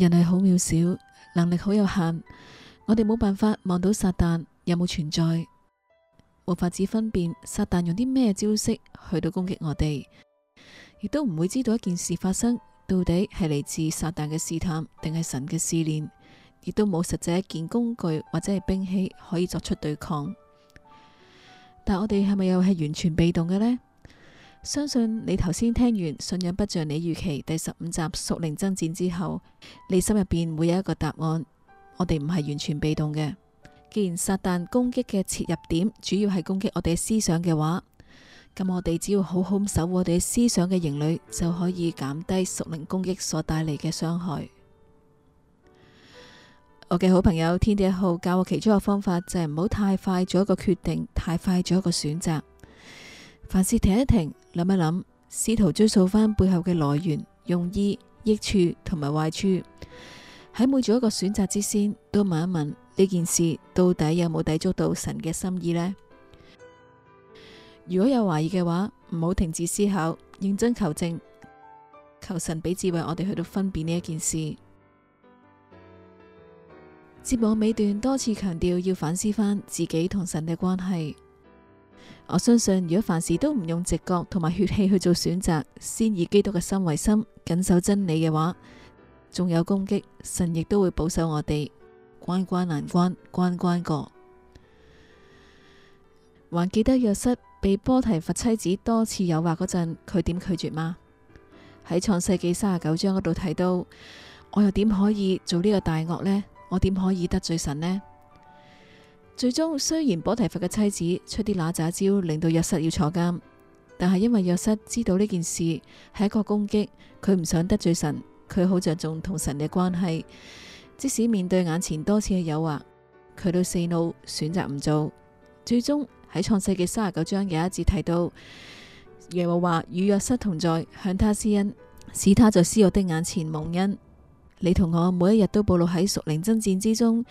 人係好渺小，能力好有限，我哋冇辦法望到撒旦有冇存在，無法只分辨撒旦用啲咩招式去到攻擊我哋，亦都唔會知道一件事發生到底係嚟自撒旦嘅試探，定係神嘅試煉，亦都冇實際一件工具或者係兵器可以作出對抗。但我哋係咪又係完全被動嘅呢？相信你頭先聽完信仰不像你預期第十五集屬靈爭戰之後，你心入邊會有一個答案。我哋唔係完全被動嘅，既然撒旦攻擊嘅切入點主要係攻擊我哋嘅思想嘅話，咁我哋只要好好守護我哋思想嘅營壘，就可以減低屬靈攻擊所帶嚟嘅傷害。我嘅好朋友天地一號教我其中一個方法就係唔好太快做一個決定，太快做一個選擇，凡事停一停。諗一諗，試圖追溯翻背後嘅來源、用意、益處同埋壞處。喺每做一個選擇之先，都問一問呢件事到底有冇抵觸到神嘅心意呢？如果有懷疑嘅話，唔好停止思考，認真求證，求神俾智慧，我哋去到分辨呢一件事。節目尾段多次強調要反思翻自己同神嘅關係。我相信，如果凡事都唔用直覺同埋血氣去做選擇，先以基督嘅心為心，謹守真理嘅話，仲有攻擊，神亦都會保守我哋，關關難關，關關過。還記得約瑟被波提乏妻子多次誘惑嗰陣，佢點拒絕嗎？喺創世記三十九章嗰度睇到，我又點可以做呢個大惡呢？我點可以得罪神呢？最終雖然波提佛嘅妻子出啲乸渣招，令到約瑟要坐監，但係因為約瑟知道呢件事係一個攻擊，佢唔想得罪神，佢好着重同神嘅關係，即使面對眼前多次嘅誘惑，佢都 say no，選擇唔做。最終喺創世記三十九章有一節提到，耶和華與約瑟同在，向他施恩，使他在司獄的眼前蒙恩。你同我每一日都暴露喺屬靈爭戰之中。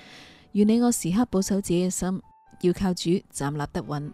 願你我時刻保守自己嘅心，要靠主站立得穩。